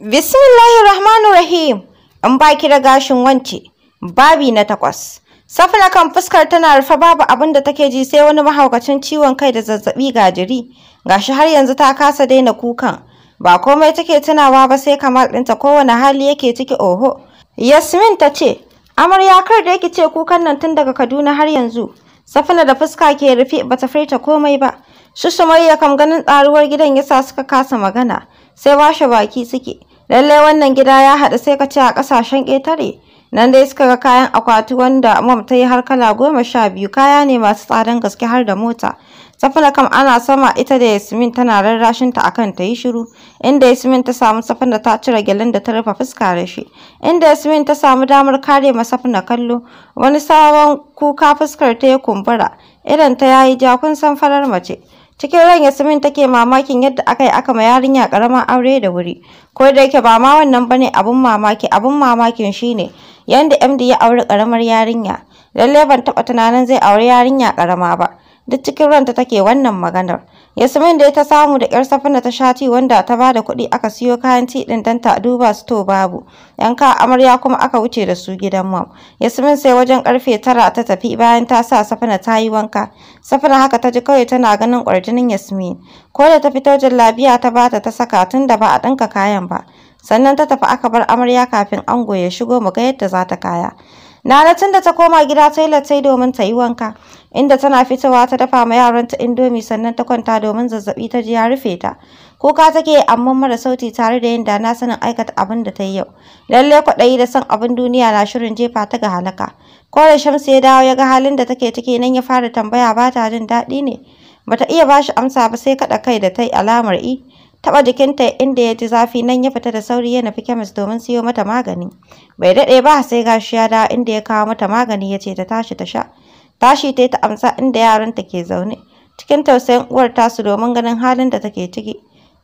Bismillahir Rahmanir Rahim. In baki da gashin wance, babi na takwas. Safina kan fuskar tana rufe babu abin da take ji sai wani mahaukacin ciwon kai da zazzabi ga jiri. Gashi har yanzu ta kasa daina kukan. Ba komai take tunawa ba sai kamar ɗinta kowane hali yake ciki oho. Yasmin ta ce, Amarya kar da yake ce kukan nan tun daga Kaduna har yanzu. Safina da fuska ke rufe bata furta komai ba. Su kam ganin tsaruwar gidan yasa suka kasa magana. Sai washe baki suke. Lalle wannan gida ya haɗu sai ka ce a ƙasashen ƙetare. Nan dai suka ga kayan akwati wanda mam ta yi har kala goma sha biyu kaya ne masu tsadan gaske har da mota. Safina kam ana sama ita da Yasmin tana rarrashin ta akan ta yi shiru, inda Yasmin ta samu Safina ta cire gyalen da ta rufe fuska da shi, inda Yasmin ta samu damar kare ma Safina kallo, wani sabon kuka fuskar ta ya kumbura, idan ta yayi ja kun san farar mace. cikin ran yasmin take mamakin yadda aka yi aka ma yarinya karaman aure da wuri ko da yake ba ma wannan bane abun mamaki abun mamakin shine yanda md ya auri karamar yarinya lalle ban taba tunanin zai auri yarinya karama ba duk cikin ranta take wannan maganar yasmin da ta samu da yar safina ta shati wanda ta ba da kuɗi aka siyo kayan ti ɗin don ta duba su to babu yanka amarya kuma aka wuce da su gidan mam yasmin sai wajen karfe tara ta tafi bayan ta sa safina ta yi wanka safina haka ta ji kawai tana ganin ƙwarjinin yasmin ko da ta fito labiya ta bata ta saka tun da ba a ɗinka kayan ba sannan ta tafi aka bar amarya kafin ango ya shigo mu ga yadda za ta kaya Nana tun da ta koma gida ta sai domin ta yi wanka. inda tana fitowa ta dafa ma yaranta indomi sannan ta kwanta domin zazzabi ta ji ya rufe ta kuka take amma mara sauti tare da yin da na sanin aikata abin da ta yi yau lalle kwaɗayi da san abin duniya na shirin jefa ta ga halaka ko da shamsu ya dawo ya ga halin da take ciki nan ya fara tambaya ba ta jin daɗi ne bata iya ba shi amsa ba sai kaɗa kai da ta yi alamar i taɓa jikinta inda ya ji zafi nan ya fita da sauri ya nufi kemis domin siyo mata magani bai daɗe ba sai gashi ya dawo inda ya kawo mata magani ya ce ta tashi ta sha tashi ta yi ta amsa inda yaranta ke zaune cikin tausayin uwar tasu domin ganin halin da take ciki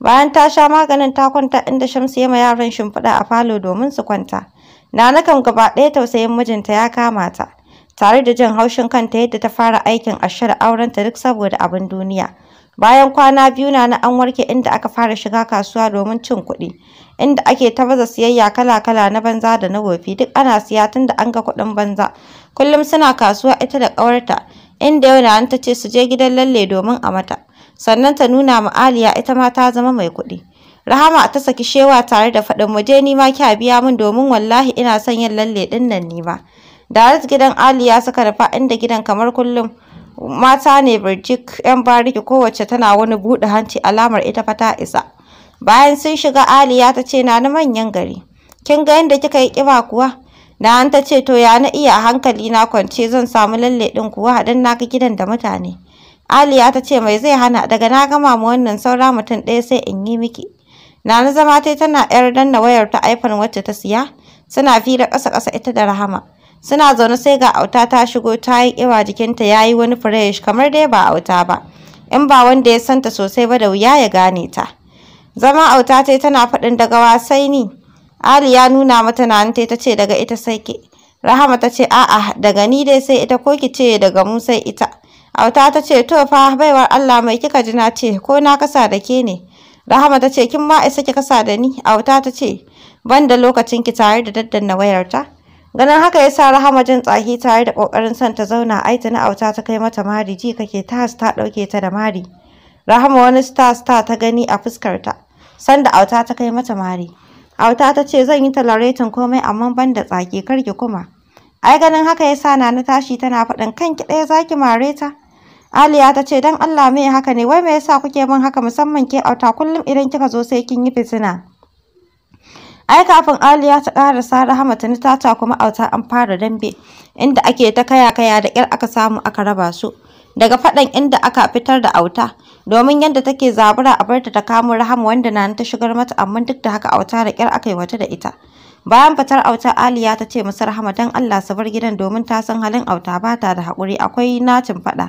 bayan ta sha maganin ta kwanta inda shamsu ya ma yaran shimfiɗa a falo domin su kwanta nana kan gaba ɗaya tausayin mijinta ya kama ta tare da jin haushin kanta yadda ta fara aikin ashar aurenta duk saboda abin duniya Bayan kwana biyu na na an warke inda aka fara shiga kasuwa domin cin kuɗi, inda ake ta baza siyayya kala-kala na banza da na wofi duk ana siya tun da an ga kuɗin banza. Kullum suna kasuwa ita da ƙawarta, inda yau na ta ce su je gidan lalle domin a mata. Sannan ta nuna ma Aliya ita ma ta zama mai kuɗi. Rahama ta saki shewa tare da faɗin mu je ni ma kya biya min domin wallahi ina son yin lalle ɗin nan ni ma. Da gidan Aliya suka rufa inda gidan kamar kullum mata ne birjik 'yan bariki kowace tana wani buɗe hanci alamar ita fa ta isa bayan sun shiga aliya ta ce na manyan gari kin ga yadda kika yi ƙiba kuwa da an ta ce to ya na iya hankali na kwance zan samu lalle din kuwa haɗin na ka gidan da mutane aliya ta ce mai zai hana daga na gama mu wannan saura mutum ɗaya sai in yi miki na na zama tai tana 'yar danna wayar ta iphone wacce ta siya suna fira ƙasa ƙasa ita da rahama suna zaune sai ga auta ta shigo ta yi kiwa jikinta ya yi wani fresh kamar dai ba auta ba in ba wanda ya santa sosai ba da wuya ya gane ta zama auta ta tana faɗin daga wasai ni ali ya nuna mata na ta tace ce daga ita sai ke rahama ta ce a'a daga ni dai sai ita ko ki ce daga mu sai ita auta ta ce to fa baiwar allah mai kika ji na ce ko na kasa da ke ne rahama ta ce kin ma isa ki kasa da ni auta ta ce ban da lokacin ki tare da daddanna wayarta ganin haka ya sa rahama jin tsaki tare da ƙoƙarin son ta zauna ai ta auta ta kai mata mari ji kake tas ta ɗauke ta da mari rahama wani star star ta gani a fuskarta sanda auta ta kai mata mari auta ta ce zan yi talaretin komai amma ban da tsaki kar ki kuma ai ganin haka ya sa na tashi tana faɗin kanki ɗaya zaki mare ta Aliya ta ce don Allah me haka ne wai me yasa kuke min haka musamman ke auta kullum idan kika zo sai kin yi fitina ai kafin aliya ta karasa rahama tuni ta kuma auta an fara dambe inda ake ta kaya kaya da kyar aka samu aka raba su daga faɗan inda aka fitar da auta domin yadda take zabura a barta ta kamo rahama wanda na ta shigar mata amma duk da haka auta da kyar aka yi wata da ita bayan fitar auta aliya ta ce masa rahama don allah su bar gidan domin ta san halin auta ba ta da hakuri akwai natin faɗa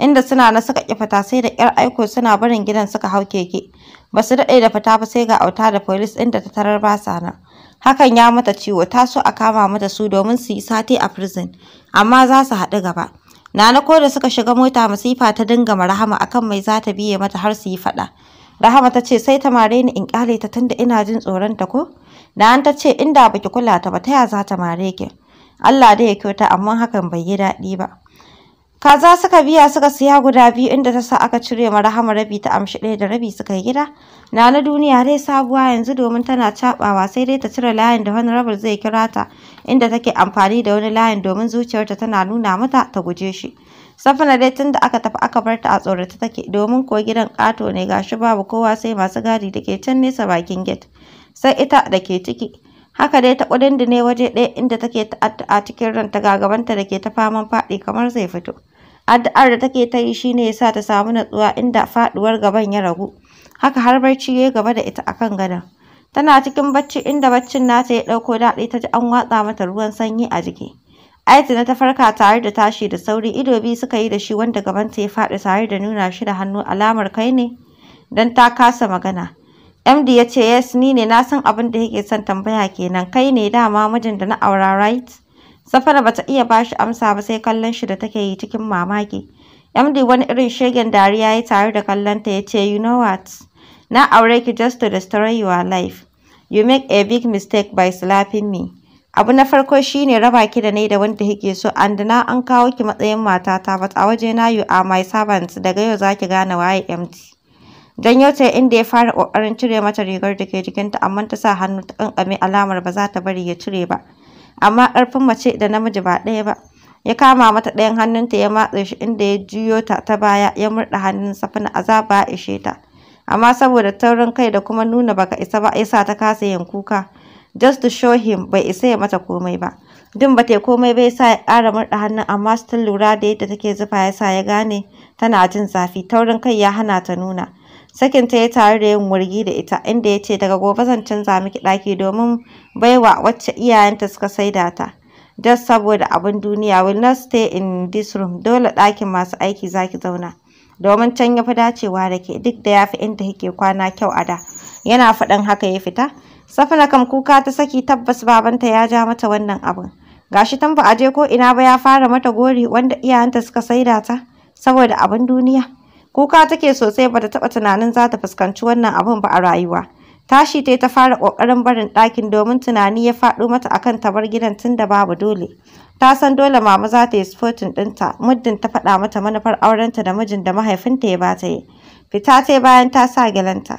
inda suna na suka kifata sai da kyar aiko suna barin gidan suka hau keke ba su daɗe da fita ba sai ga auta da polis inda da ta tarar ba sa nan hakan ya mata ciwo ta so a kama mata su domin su yi sati a prison amma za su haɗu gaba nana ko da suka shiga mota masifa ta dinga rahama akan mai za ta biye mata har su yi faɗa rahama ta ce sai ta mare ni in kyale ta tunda ina jin tsoron ta ko nana ta ce inda baki kula ta ba ta ya za ta mare ki Allah da ya kyauta amma hakan bai yi daɗi ba kaza suka biya suka siya guda biyu inda ta sa aka cire ma rahama rabi ta amshi ɗaya da rabi suka yi gida na na duniya dai sabuwa yanzu domin tana cabawa sai dai ta cire layin da wani rabar zai kira ta inda take amfani da wani layin domin zuciyarta tana nuna mata ta guje shi safina dai tun da aka tafi aka barta a tsorata take domin ko gidan ƙato ne gashi babu kowa sai masu gadi da ke can nesa bakin gate sai ita da ke ciki haka dai ta ne waje ɗaya inda take a cikin ranta gagabanta da ke ta faman faɗi kamar zai fito Addu'ar da take ta yi shi ne ya sa ta samu natsuwa inda faɗuwar gaban ya ragu. Haka har barci ya gaba da ita akan gadon. Tana cikin bacci inda baccin nata ya ɗauko daɗi ta ji an watsa mata ruwan sanyi a jiki. Aitina ta farka tare da tashi da sauri ido biyu suka yi da shi wanda gabanta ya faɗi tare da nuna shi da hannu alamar kai ne don ta kasa magana. MD ya ce yes ni ne na san abin da yake son tambaya kenan kai ne dama mijin da na aura right? Safara bata iya bashi amsa ba sai kallon shi da take yi cikin mamaki. MD wani irin shegen dariya ya tare da kallonta ya ce, You know what? Na aure ki just to destroy your life. You make a big mistake by slapping me. Abu na farko shine raba ki da ne da wanda kike so and na an kawo ki matsayin matata but a waje na you are my servant daga yau za ki gane waye MD. Janyo ta inda ya fara ƙoƙarin cire mata rigar da ke jikinta amma ta sa hannu ta kankame alamar ba za ta bari ya cire ba. amma ƙarfin mace da namiji ba ɗaya ba ya kama mata ɗayan hannunta ya matse shi inda ya juyo ta ta baya ya murɗa hannun safina azaba ya ishe ta amma saboda taurin kai da kuma nuna baka isa ba yasa ta kasa yin kuka just to show him bai isa ya mata komai ba din ba ta komai ba yasa ya ƙara murɗa hannun amma still lura da yadda take zufa yasa ya gane tana jin zafi taurin kai ya hana ta nuna sakin ta ya tare da yin wurgi da ita inda ya ce daga gobe zan canza miki ɗaki domin baiwa wacce iyayenta suka saida ta just saboda abin duniya will not stay in this room dole ɗakin masu aiki zaki zauna domin can ya fi dacewa da ke duk da ya fi inda kike kwana kyau a da yana faɗin haka ya fita safina kam kuka ta saki tabbas babanta ya ja mata wannan abin gashi tan ba a je ko ina ba ya fara mata gori wanda iyayenta suka saida ta saboda abin duniya kuka take sosai bata taɓa tunanin za ta fuskanci wannan abin ba a rayuwa tashi ta ta fara ƙoƙarin barin ɗakin domin tunani ya faɗo mata akan ta bar gidan tun da babu dole ta san dole mama za ta yi sporting ɗinta muddin ta faɗa mata manufar aurenta da mijin da mahaifinta ya ba ta yi fita ta bayan ta sa gilanta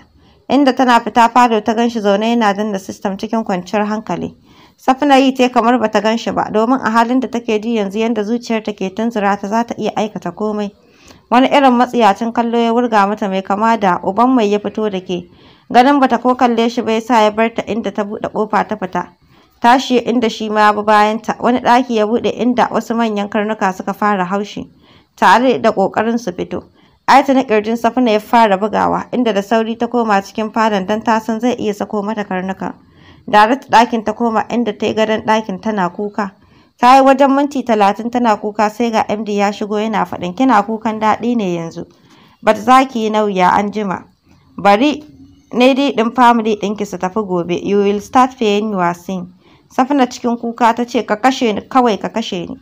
inda tana fita fado ta ganshi zaune yana danna system cikin kwanciyar hankali safina yi ta kamar bata ganshi ba domin a halin da take ji yanzu yanda zuciyarta ke tunzura ta za ta iya aikata komai wani irin matsiyacin kallo ya wurga mata mai kama da uban mai ya fito da ke ganin bata ko kalle shi bai sa ya barta inda ta buɗe ƙofa ta fita tashi inda shi ma ya bi bayanta wani ɗaki ya buɗe inda wasu manyan karnuka suka fara haushi tare da ƙoƙarin su fito Aisha na ƙirjin Safina ya fara bugawa inda da sauri ta koma cikin fadan don ta san zai iya sako mata karnuka. da ta ɗakin ta koma inda ta yi gadon ɗakin tana kuka. Ta yi wajen minti talatin tana kuka sai ga MD ya shigo yana faɗin kina kukan daɗi ne yanzu. But za ki yi nauya an jima. Bari ne dai ɗin family ɗinki su tafi gobe. You will start paying your sin. Safina cikin kuka ta ce ka kashe ni kawai ka kashe ni.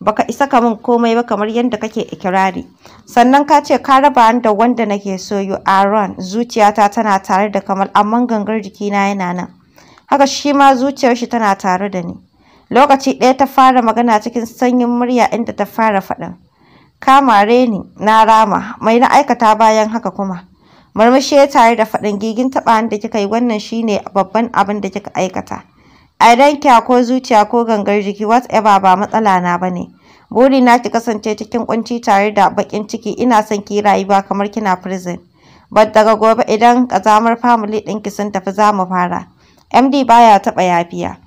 Baka isa ka min komai ba kamar yadda kake ikirari. Sannan ka ce ka raba ni da wanda nake so you are run. Zuciyata tana tare da kamar amma gangar jikina yana nan. Haka shi ma zuciyar shi tana tare da ni. Lokaci ɗaya ta fara magana cikin sanyin murya inda ta fara faɗin. Kamare ni, na rama, mai na aikata bayan haka kuma. Murmushi ya tare da faɗin gigin taɓawan da kika yi wannan shine babban abin da kika aikata. A idan kya ko zuciya ko gangar jiki whatever ba matsala na ba ne? Buri na ki kasance cikin kunci tare da bakin ciki ina son ki rayuwa kamar kina prison. ba daga gobe idan kazamar family ɗinki sun tafi za mu fara. MD baya taɓa yafiya.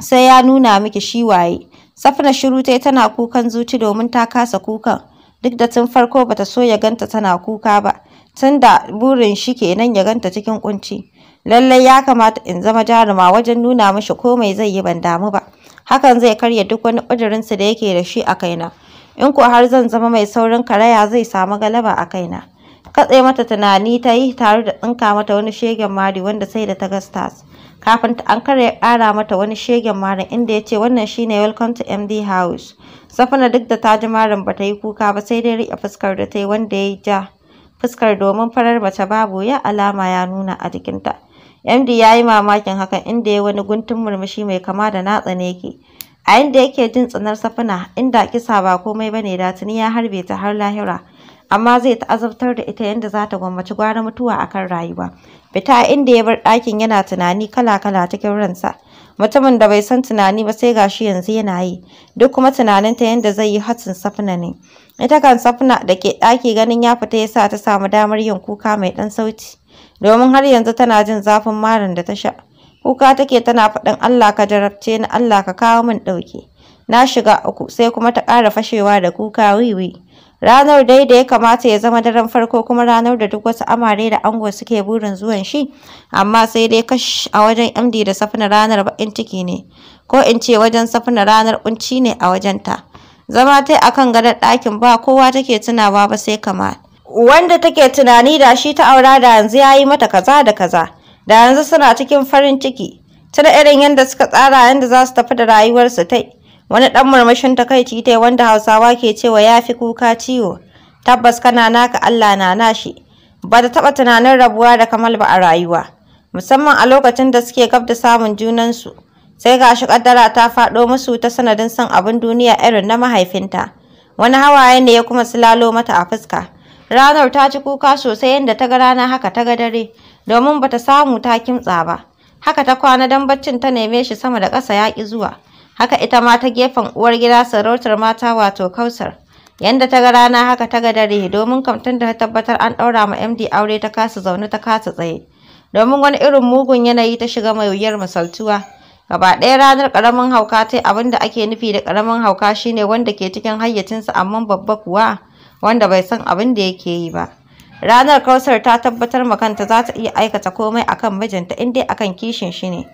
sai ya nuna miki shi waye. Safna shiru tai tana kukan zuci domin ta kasa kukan, duk da tun farko bata so ya ganta tana kuka ba, tunda burin shi kenan ya ganta cikin kunci. Lallai ya kamata in zama jaruma wajen nuna mishi komai zai yi ban damu ba. Hakan zai karya duk wani ƙudurinsa da yake da shi a kaina. In ko har zan zama mai saurin karaya zai samu galaba a kaina. Katse mata tunani ta yi tare da tsinka mata wani shegen mari wanda sai da ta su kafin ta ankara ya ƙara mata wani shegen marin inda ya ce wannan shine welcome to md house safina duk da ta ji marin ta yi kuka ba sai dai riƙe fuskar da ta yi wanda ya yi ja fuskar domin farar mace babu ya alama ya nuna a jikinta md ya yi mamakin hakan inda ya wani guntun murmushi mai kama da na tsane ke a inda yake jin tsanar safina inda kisa ba komai bane da tuni ya harbe ta har lahira amma zai ta'azabtar da ita yadda za ta gwammaci gwara mutuwa a kan rayuwa fita inda ya bar ɗakin yana tunani kala-kala cikin ransa mutumin da bai san tunani ba sai gashi yanzu yana yi duk kuma tunaninta yadda zai yi hatsin safna ne ita kan safna da ke ɗaki ganin ya fita ya sa ta samu damar yin kuka mai ɗan sauti domin har yanzu tana jin zafin marin da ta sha kuka take tana faɗin Allah ka jarabce ni Allah ka kawo min ɗauke na shiga uku sai kuma ta ƙara fashewa da kuka wiwi Ranar dai da ya kamata ya zama daren farko kuma ranar da duk wasu amare da ango suke burin zuwan shi, amma sai dai kash a wajen MD da safina ranar ba'in ciki ne, ko in ce wajen safina ranar kunci ne a wajenta. Zama a akan gadar ɗakin ba kowa take tunawa ba sai kama. Wanda take tunani da shi ta aura da yanzu ya yi mata kaza da kaza, da yanzu suna cikin farin ciki. Tuna irin yadda suka tsara yadda za su tafi da rayuwarsu tai. Wani ɗan murmushin takaici ta wanda Hausawa ke cewa ya fi kuka ciwo. Tabbas kana naka Allah na nashi. Ba ta taɓa tunanin rabuwa da Kamal ba a rayuwa. Musamman a lokacin da suke gab da samun junansu. Sai ga shi ƙaddara ta faɗo musu ta sanadin son abin duniya irin na mahaifinta. Wani hawaye ne ya kuma silalo mata a fuska. Ranar ta ci kuka sosai yadda ta ga rana haka ta ga dare, domin ba ta samu ta kimtsa ba. Haka ta kwana don baccin ta neme shi sama da ƙasa ya ƙi zuwa. haka ita ma ta gefen uwar gida sarautar mata wato kausar yanda ta ga rana haka ta ga dare domin kamtun da ta tabbatar an ɗaura ma md aure ta kasa zaune ta kasa tsaye domin wani irin mugun yanayi ta shiga mai wuyar misaltuwa gaba ɗaya ranar ƙaramin hauka ta abin da ake nufi da ƙaramin hauka shine wanda ke cikin hayyacinsa amma babba kuwa wanda bai san abin da yake yi ba ranar kausar ta tabbatar ma kanta za ta iya aikata komai akan mijinta in dai akan kishin shi ne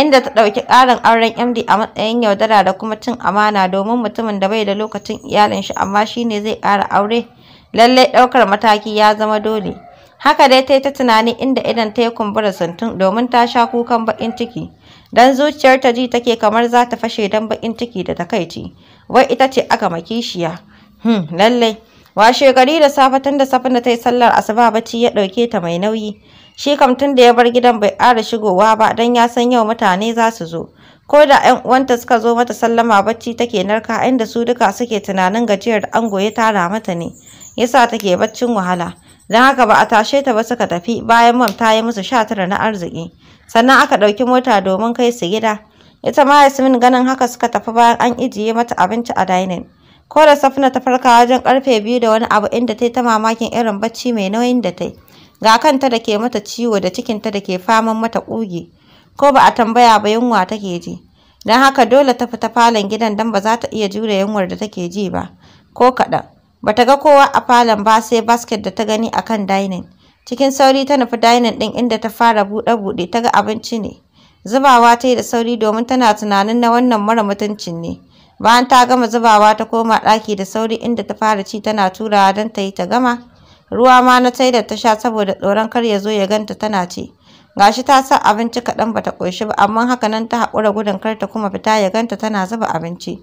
inda ta ɗauki ƙarin auren MD a matsayin yaudara da kuma cin amana domin mutumin da bai da lokacin iyalin shi amma shine zai ƙara aure lallai ɗaukar mataki ya zama dole haka dai ta yi ta tunani inda idan ta yi kumbura santun domin ta sha kukan baƙin ciki dan zuciyar ta ji take kamar za ta fashe dan baƙin ciki da takaici wai ita ce aka makishiya hmm lallai washe gari da safe tun da safin da ta yi sallar asuba bacci ya ɗauke ta mai nauyi Shi kam tun da ya bar gidan bai ƙara shigowa ba don ya san yau mutane za su zo. Ko da 'yan uwanta suka zo mata sallama bacci take narka inda su duka suke tunanin gajiyar da ango ya tara mata ne. Yasa take baccin wahala. Don haka ba a tashe ta ba suka tafi bayan mam ta yi musu sha tara na arziki. Sannan aka ɗauki mota domin kai su gida. Ita ma Yasmin ganin haka suka tafi bayan an ijiye mata abinci a dining. Ko da Safina ta farka wajen karfe biyu da wani abu inda ta yi ta mamakin irin bacci mai nauyin da ta yi. ga kanta da ke mata ciwo da cikinta da ke faman mata ƙugi ko ba a tambaya ba yunwa take ji don haka dole ta fita falon gidan don ba za ta iya jure yunwar da take ji ba ko kaɗan ba ta ga kowa a falon ba sai basket da ta gani a kan dining cikin sauri ta nufi dining ɗin inda ta fara buɗe-buɗe ta ga abinci ne zubawa ta yi da sauri domin tana tunanin na wannan mara mutuncin ne bayan ta gama zubawa ta koma ɗaki da sauri inda ta fara ci tana turawa don ta yi ta gama ruwa ma na taidar ta sha saboda tsoron kar ya zo ya ganta tana ce gashi ta sa abinci kaɗan bata ƙoshi ba amma haka nan ta haƙura gudun kar ta kuma fita ya ganta tana zuba abinci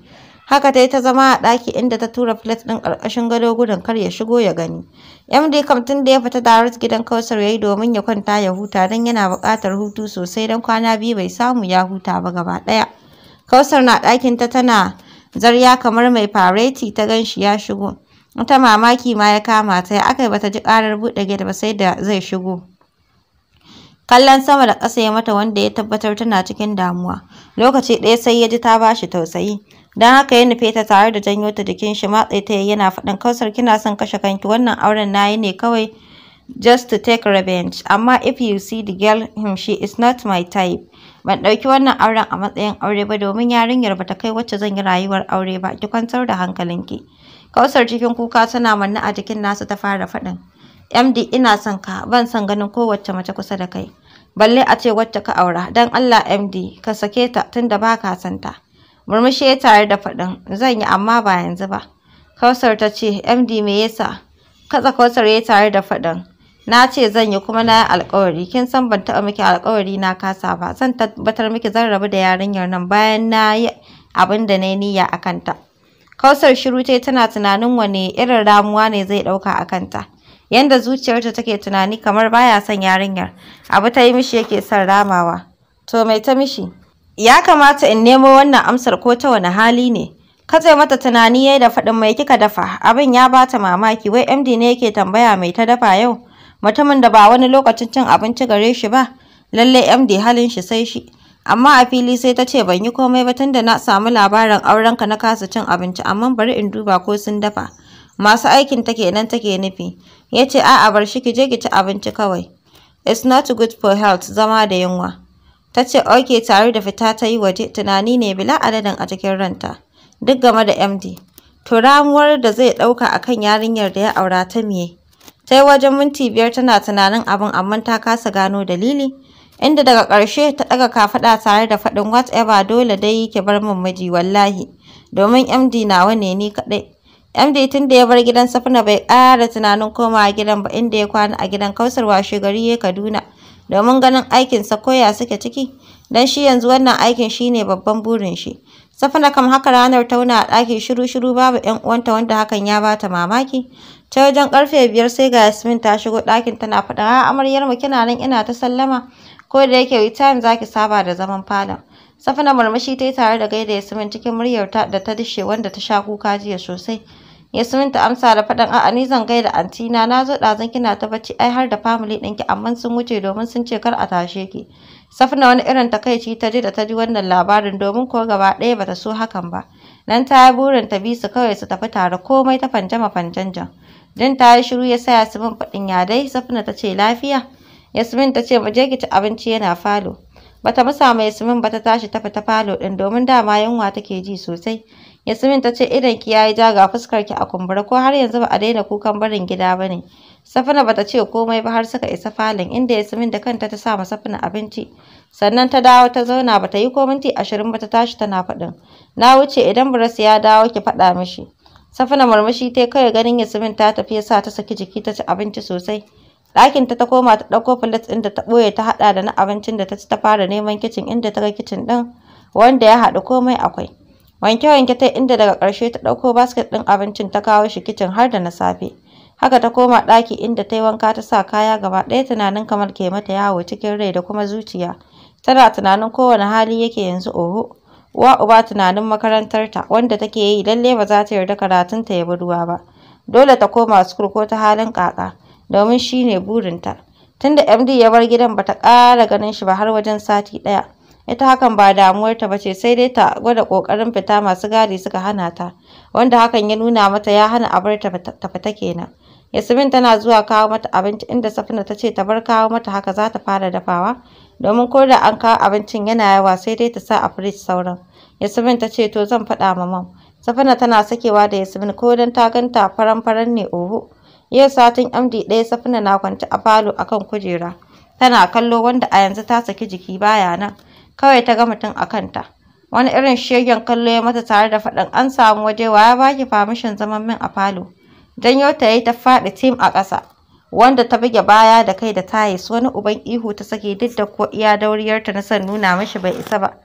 haka dai ta zama a ɗaki inda ta tura filet ɗin ƙarƙashin gado gudun kar ya shigo ya gani md kam tun da ya fita da direct gidan kausar ya yi domin ya kwanta ya huta don yana buƙatar hutu sosai don kwana biyu bai samu ya huta ba gaba ɗaya kausar na ta tana zarya kamar mai fareti ta gan ya shigo wata mamaki ma ya kama ta ya aka bata ji karar buɗe gida ba sai da zai shigo kallon sama da ƙasa ya mata wanda ya tabbatar tana cikin damuwa lokaci ɗaya sai ya ji ta bashi tausayi don haka ya nufe ta tare da janyo ta jikin shi matse ta yana faɗin kausar kina son kashe kanki wannan auren na yi ne kawai just to take revenge amma if you see the girl him she is not my type ban ɗauki wannan auren a matsayin aure ba domin yarinyar bata kai wacce zan yi rayuwar aure ba ki kwantar da hankalinki Kausar cikin kuka tana manne a jikin nasu ta fara faɗin. MD ina son ka ban san ganin kowace mace kusa da kai. Balle a ce wacce ka aura don Allah MD ka sake ta tunda ba ka son ta. Murmushi ya tare da faɗin zan yi amma ba yanzu ba. Kausar ta ce MD me yasa? Katsa kausar ya tare da faɗin na ce zan yi kuma na yi alkawari kin san ban taɓa miki alkawari na kasa ba zan tabbatar miki zan rabu da yarinyar nan bayan na yi abin na yi niyya a kanta. Kausar shiru ta tana tunanin wane irin ramuwa ne zai ɗauka a kanta. yadda zuciyarta take tunani kamar baya son yarinyar, abu ta yi mishi yake son ramawa. To mai ta mishi? Ya kamata in nemo wannan amsar ko ta wani hali ne? Katse mata tunani yayi da faɗin mai kika dafa, abin ya bata mamaki wai MD ne yake tambaya mai ta dafa yau, mutumin da ba wani lokacin cin abinci gare shi ba, Lallai MD halin shi sai shi. amma a fili sai ta ce ban yi komai ba da na samu labarin aurenka na kasa cin abinci amma bari in duba ko sun dafa masu aikin ta kenan take nufi ya ce a'a bar shi ki je ki ci abinci kawai it's not good for health zama da yunwa ta ce ok tare da fita ta yi waje tunani ne bila adadin a cikin ranta duk game da md to ramuwar da zai ɗauka kan yarinyar da ya aura ta miye ta yi wajen minti biyar tana tunanin abin amma ta kasa gano dalili inda daga ƙarshe ta ɗaga kafaɗa tare da faɗin whatever dole dai ki bar min miji wallahi domin MD nawa ne ni kaɗai. MD tun da ya bar gidan Safina bai ƙara tunanin komawa gidan ba inda ya kwana a gidan Kausar washe gari ya Kaduna domin ganin aikinsa koya suke ciki don shi yanzu wannan aikin shine babban burin shi. Safina kam haka ranar tauna a ɗakin shiru-shiru babu ‘yan uwanta wanda hakan ya bata mamaki. Ta wajen ƙarfe biyar sai ga Yasmin ta shigo ɗakin tana faɗa a amaryarmu kina nan ina ta sallama ko da yake return time zaki saba da zaman falon safina murmushi ta yi tare da gaida yasmin cikin muryar ta da ta dishe wanda ta sha kuka jiya sosai yasmin ta amsa da faɗin a'a ni zan gaida anti na zo ɗazun kina ta bacci ai har da family ɗinki amma sun wuce domin sun ce kar a tashe ki safina wani irin takaici ta ji da ta ji wannan labarin domin ko gaba ɗaya bata so hakan ba nan ta yi burin ta bi su kawai su tafi tare komai ta fanjama fanjanjan jin ta yi shiru ya saya su bin faɗin ya dai safina ta ce lafiya Yasmin ta ce je ki ci abinci yana falo. Bata musa ma Yasmin bata ta tashi ta falo din domin dama yunwa take ji sosai. Yasmin ta ce idan ki yayi ja ga fuskar ki a kumbura ko har yanzu ba a daina kukan barin gida bane. Safina bata ce komai ba har suka isa falon inda Yasmin da kanta ta sa ma Safina abinci. Sannan ta dawo ta zauna bata yi ko minti ashirin ba ta tashi tana faɗin. Na wuce idan Buras ya dawo ki faɗa mishi. Safina murmushi ta kai ganin Yasmin ta tafi ya sa ta saki jiki ta ci abinci sosai. ɗakinta ta koma ta ɗauko filet ɗin da ta ɓoye ta haɗa da na abincin da ta ci ta fara neman kicin inda ta ga kicin ɗin wanda ya haɗu komai akwai wanke-wanke ta inda daga ƙarshe ta ɗauko basket ɗin abincin ta kawo shi kicin har da na safe haka ta koma ɗaki inda ta yi wanka ta sa kaya gaba ɗaya tunanin kamar ke mata yawo cikin rai da kuma zuciya tana tunanin kowane hali yake yanzu oho uwa uba tunanin makarantarta wanda take yi lalle ba za ta yarda ta ya bi ruwa ba dole ta koma school ko ta halin ƙaƙa domin shi ne burinta. Tunda MD ya bar gidan bata ƙara ganin shi ba har wajen sati ɗaya. Ita hakan ba damuwarta ba ce sai dai ta gwada ƙoƙarin fita masu gadi suka hana ta, wanda hakan ya nuna mata ya hana a bar ta fita kenan. Yasmin tana zuwa kawo mata abinci inda Safina ta ce ta bar kawo mata haka za ta fara dafawa domin ko da an kawo abincin yana yawa sai dai ta sa a firij sauran. Yasmin ta ce to zan faɗa ma mam. Safina tana sakewa da Yasmin ko don ta ganta faran-faran ne oho. Yau satin MD ɗaya Safina na kwance a falo akan kujera. Tana kallo wanda a yanzu ta saki jiki baya nan. Kawai ta ga mutum a kanta. Wani irin shegen kallo ya mata tare da faɗin an samu waje wa ya baki famishin zaman min a falo. Janyo ta yi ta faɗi tim a ƙasa. Wanda ta buge baya da kai da su wani uban ihu ta sake duk da ko iya dauriyarta na son nuna mashi bai isa ba.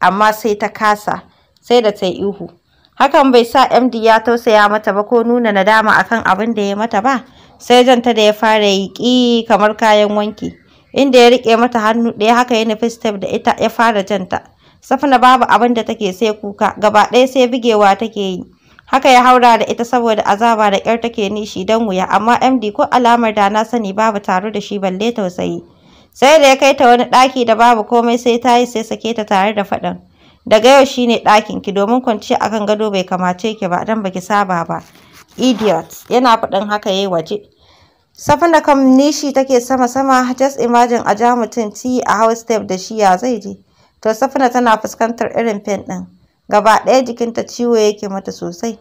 Amma sai ta kasa sai da ta yi ihu. hakan bai sa MD ya tausaya mata ba ko nuna nadama akan abin da ya mata ba sai janta da ya fara yi ƙi kamar kayan wanki inda ya riƙe mata hannu ɗaya haka ya nufi step da ita ya fara janta safna babu abin da take sai kuka gaba ɗaya sai bigewa take yi haka ya haura da ita saboda azaba da ƙyar take nishi don wuya amma md ko alamar da na sani babu taro da shi balle tausayi sai da ya kai ta wani ɗaki da babu komai sai ta yi sai sake ta tare da faɗin daga yau shine ɗakin ki domin kwanciya akan gado bai kamace ki ba dan baki saba ba idiot yana faɗin haka yayi waje safina kam nishi take sama sama just imagine a ja mutum ti a house step da shi ya zai je to safina tana fuskantar irin fen din gaba ɗaya jikinta ciwo yake mata sosai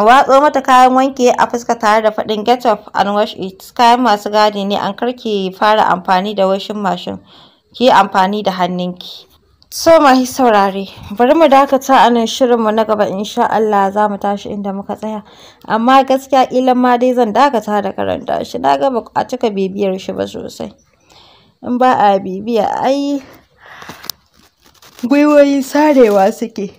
watso mata kayan wanke a fuska tare da faɗin get up and wash it kayan masu gadi ne an karki fara amfani da washin mashin ki amfani da hannunki So masu saurare, bari mu dakata a nan shirinmu na gaba insha Allah za mu tashi inda muka tsaya. Amma gaskiya ƙilan ma dai zan dakata da karanta shi, na ga a cika bibiyar shi ba sosai. In ba a bibiya ai gwiwoyi sarewa suke.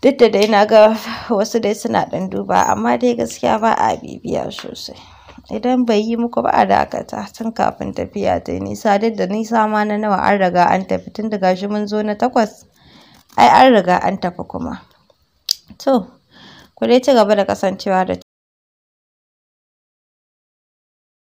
Duk da dai na ga wasu dai suna ɗan duba, amma dai gaskiya ba a bibiya sosai. idan bai yi muku ba a dakata tun kafin tafiya ta nisa duk da nisa ma na nawa an riga an tafi tun daga shi mun zo na takwas ai an riga an tafi kuma to ku dai ci gaba da kasancewa da